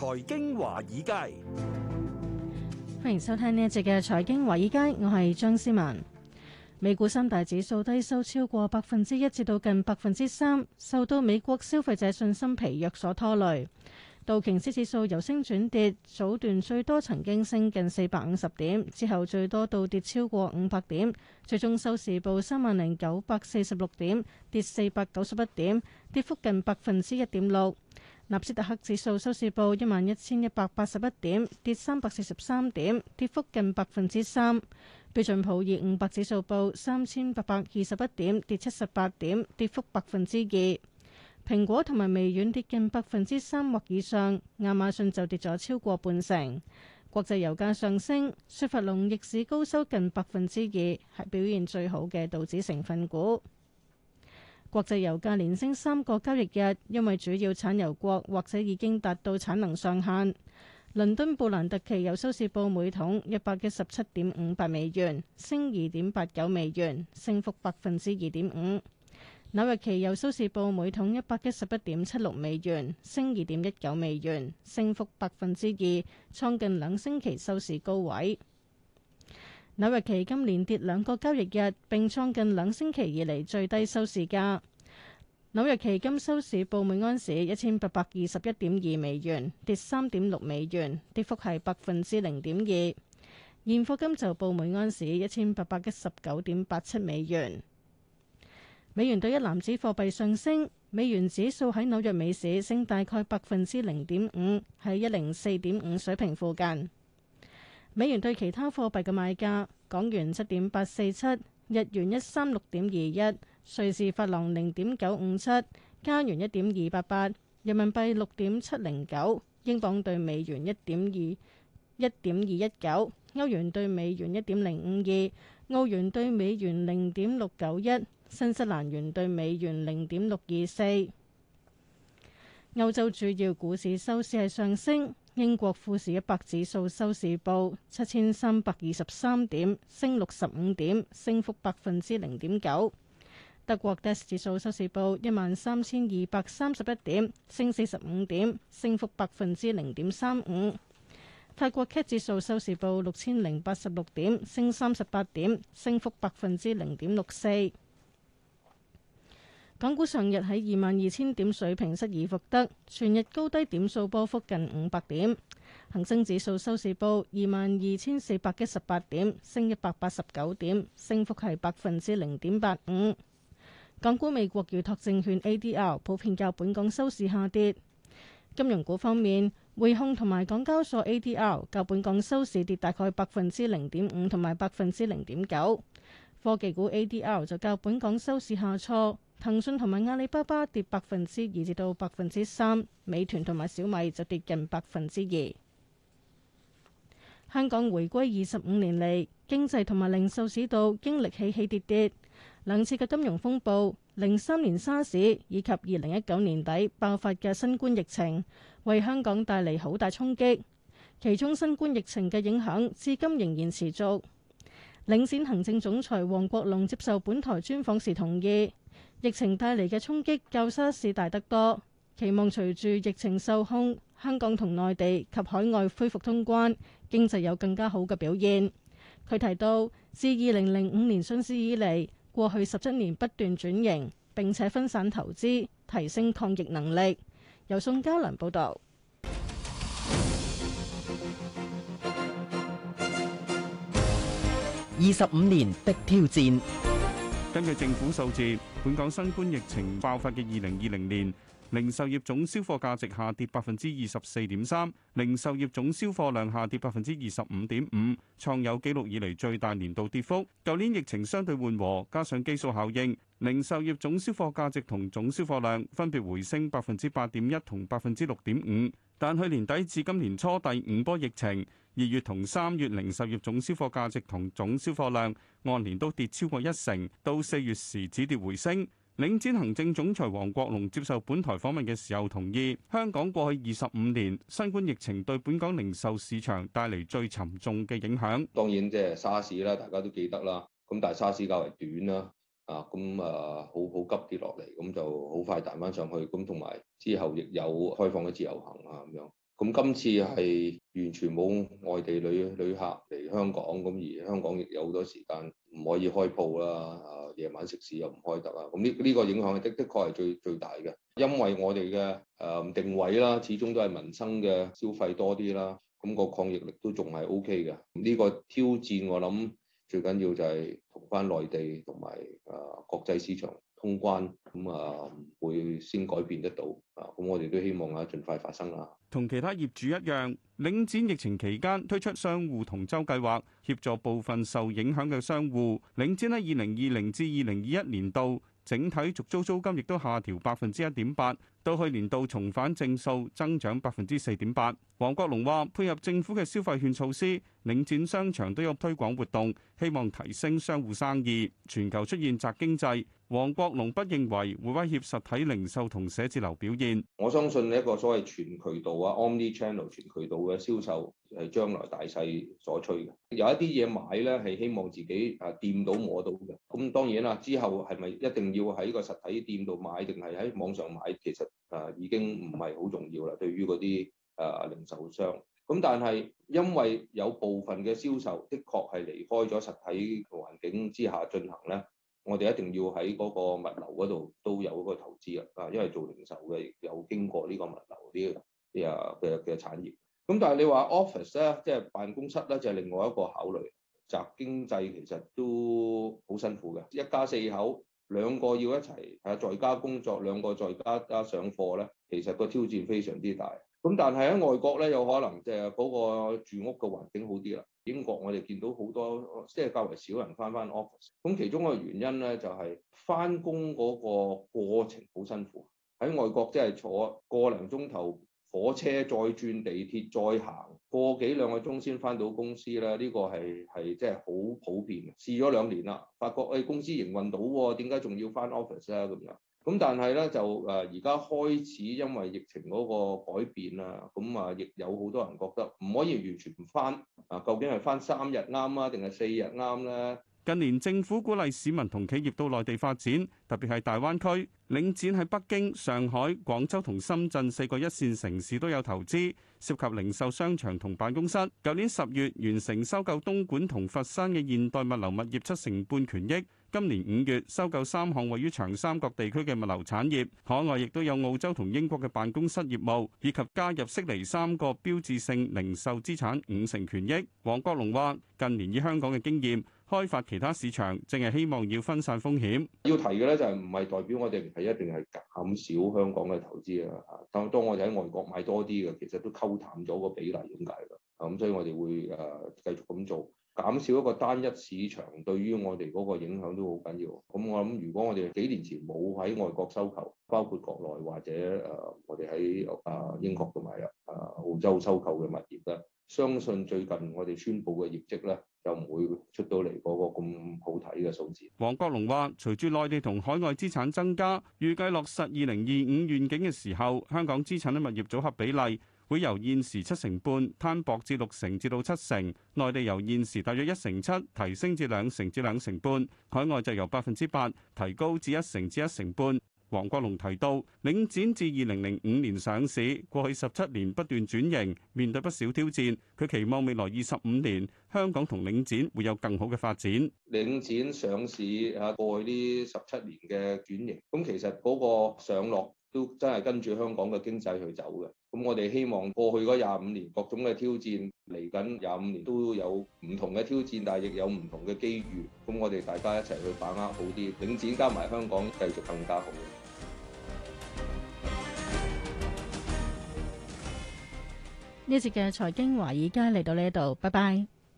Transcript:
財經華爾街，歡迎收聽呢一節嘅財經華爾街，我係張思文。美股三大指數低收超過百分之一，至到近百分之三，受到美國消費者信心疲弱所拖累。道瓊斯指數由升轉跌，早段最多曾經升近四百五十點，之後最多倒跌超過五百點，最終收市報三萬零九百四十六點，跌四百九十一點，跌幅近百分之一點六。納斯達克指數收市報一萬一千一百八十一點，跌三百四十三點，跌幅近百分之三。標準普爾五百指數報三千八百二十一點，跌七十八點，跌幅百分之二。蘋果同埋微軟跌近百分之三或以上，亞馬遜就跌咗超過半成。國際油價上升，雪佛龍逆市高收近百分之二，係表現最好嘅道指成分股。國際油價連升三個交易日，因為主要產油國或者已經達到產能上限。倫敦布蘭特期油收市報每桶一百一十七點五八美元，升二點八九美元，升幅百分之二點五。紐約期油收市報每桶一百一十一點七六美元，升二點一九美元，升幅百分之二，創近兩星期收市高位。紐約期金連跌兩個交易日，並創近兩星期以嚟最低收市價。紐約期金收市報每安士一千八百二十一點二美元，跌三點六美元，跌幅係百分之零點二。現貨金就報每安士一千八百一十九點八七美元。美元對一籃子貨幣上升，美元指數喺紐約美市升大概百分之零點五，喺一零四點五水平附近。美元對其他貨幣嘅賣價：港元七點八四七，日元一三六點二一，瑞士法郎零點九五七，加元一點二八八，人民幣六點七零九，英鎊對美元一點二，一點二一九，歐元對美元一點零五二，澳元對美元零點六九一，新西蘭元對美元零點六二四。歐洲主要股市收市係上升。英國富士一百指數收市報七千三百二十三點，升六十五點，升幅百分之零點九。德國 DAX 指數收市報一萬三千二百三十一點，升四十五點，升幅百分之零點三五。泰國 CAC 指數收市報六千零八十六點，升三十八點，升幅百分之零點六四。港股上日喺二萬二千點水平失而復得，全日高低點數波幅近五百點。恒生指數收市報二萬二千四百一十八點，升一百八十九點，升幅係百分之零點八五。港股美國預託證券 ADR 普遍較本港收市下跌。金融股方面，匯控同埋港交所 ADR 較本港收市跌大概百分之零點五同埋百分之零點九。科技股 ADR 就較本港收市下挫。騰訊同埋阿里巴巴跌百分之二至到百分之三，美團同埋小米就跌近百分之二。香港回歸二十五年嚟，經濟同埋零售市道經歷起起跌跌兩次嘅金融風暴，零三年沙士以及二零一九年底爆發嘅新冠疫情，為香港帶嚟好大衝擊。其中新冠疫情嘅影響至今仍然持續。領展行政總裁王國龍接受本台專訪時同意。疫情帶嚟嘅衝擊，較沙士大得多。期望隨住疫情受控，香港同內地及海外恢復通關，經濟有更加好嘅表現。佢提到，自二零零五年相思以嚟，過去十七年不斷轉型，並且分散投資，提升抗疫能力。由宋嘉良報道。二十五年的挑戰。根據政府數字，本港新冠疫情爆發嘅二零二零年，零售業總銷貨價值下跌百分之二十四點三，零售業總銷貨量下跌百分之二十五點五，創有紀錄以嚟最大年度跌幅。舊年疫情相對緩和，加上基數效應，零售業總銷貨價值同總銷貨量分別回升百分之八點一同百分之六點五，但去年底至今年初第五波疫情。二月同三月零售業總銷貨價值同總銷貨量按年都跌超過一成，到四月時止跌回升。領展行政總裁黃國龍接受本台訪問嘅時候，同意香港過去二十五年新冠疫情對本港零售市場帶嚟最沉重嘅影響。當然即係沙士啦，大家都記得啦。咁但係沙士較為短啦，啊咁啊好好急跌落嚟，咁就好快彈翻上去。咁同埋之後亦有開放咗自由行啊咁樣。咁今次係完全冇外地旅旅客嚟香港，咁而香港亦有好多時間唔可以開鋪啦，啊，夜晚食肆又唔開得啦。咁呢呢個影響係的的確係最最大嘅，因為我哋嘅誒定位啦，始終都係民生嘅消費多啲啦。咁個抗疫力都仲係 OK 嘅。呢個挑戰我諗最緊要就係同翻內地同埋誒國際市場。通關咁啊，會先改變得到啊。咁我哋都希望啊，盡快發生啦。同其他業主一樣，領展疫情期間推出商戶同舟計劃，協助部分受影響嘅商戶。領展喺二零二零至二零二一年度整體續租租金亦都下調百分之一點八，到去年度重返正數，增長百分之四點八。黃國龍話：配合政府嘅消費券措施，領展商場都有推廣活動，希望提升商戶生意。全球出現宅經濟。黃國龍不認為會威脅實體零售同寫字樓表現。我相信一個所謂全渠道啊，Omni Channel 全渠道嘅銷售係將來大勢所趨嘅。有一啲嘢買咧，係希望自己啊掂到摸到嘅。咁當然啦，之後係咪一定要喺個實體店度買，定係喺網上買？其實啊，已經唔係好重要啦。對於嗰啲啊零售商，咁但係因為有部分嘅銷售，的確係離開咗實體環境之下進行咧。我哋一定要喺嗰個物流嗰度都有嗰個投資啊！啊，因為做零售嘅，有經過呢個物流啲啲啊嘅嘅產業。咁但係你話 office 咧，即係辦公室咧，就係另外一個考慮。宅經濟其實都好辛苦嘅，一家四口兩個要一齊喺在家工作，兩個在家啊上課咧，其實個挑戰非常之大。咁但係喺外國咧，有可能即係嗰個住屋嘅環境好啲啦。英國，我哋見到好多即係、就是、較為少人返返 office。咁其中嘅原因咧，就係返工嗰個過程好辛苦。喺外國即係坐個零鐘頭火車，再轉地鐵，再行個幾兩個鐘先返到公司啦。呢、這個係係即係好普遍。試咗兩年啦，發覺誒、欸、公司營運到喎，點解仲要返 office 啊？咁樣咁，但係咧就誒而家開始因為疫情嗰個改變啦，咁啊亦有好多人覺得唔可以完全唔返。啊，究竟係返三日啱啊，定係四日啱咧？近年政府鼓勵市民同企業到內地發展，特別係大灣區。領展喺北京、上海、廣州同深圳四個一線城市都有投資，涉及零售商場同辦公室。舊年十月完成收購東莞同佛山嘅現代物流物業七成半權益。今年五月收購三項位於長三角地區嘅物流產業，海外亦都有澳洲同英國嘅辦公室業務，以及加入悉尼三個標誌性零售資產五成權益。黃國龍話：近年以香港嘅經驗開發其他市場，淨係希望要分散風險。要提嘅咧就係唔係代表我哋係一定係減少香港嘅投資啊？當當我哋喺外國買多啲嘅，其實都溝淡咗個比例咁解㗎。咁，所以我哋會誒繼續咁做。減少一個單一市場對於我哋嗰個影響都好緊要。咁我諗，如果我哋幾年前冇喺外國收購，包括國內或者誒我哋喺啊英國同埋入啊澳洲收購嘅物業咧，相信最近我哋宣佈嘅業績咧就唔會出到嚟嗰個咁好睇嘅數字。王國龍話，隨住內地同海外資產增加，預計落實二零二五願景嘅時候，香港資產嘅物業組合比例，會由現時七成半攤薄至六成，至到七成；內地由現時大約一成七提升至兩成，至兩成半；海外就由百分之八提高至一成，至一成半。黃國龍提到，領展自二零零五年上市，過去十七年不斷轉型，面對不少挑戰。佢期望未來二十五年，香港同領展會有更好嘅發展。領展上市啊，過去呢十七年嘅轉型，咁其實嗰個上落都真係跟住香港嘅經濟去走嘅。咁我哋希望過去嗰廿五年各種嘅挑戰，嚟緊廿五年都有唔同嘅挑戰，但係亦有唔同嘅機遇。咁我哋大家一齊去把握好啲，領展加埋香港，繼續更加好。呢節嘅財經華爾街嚟到呢一度，拜拜。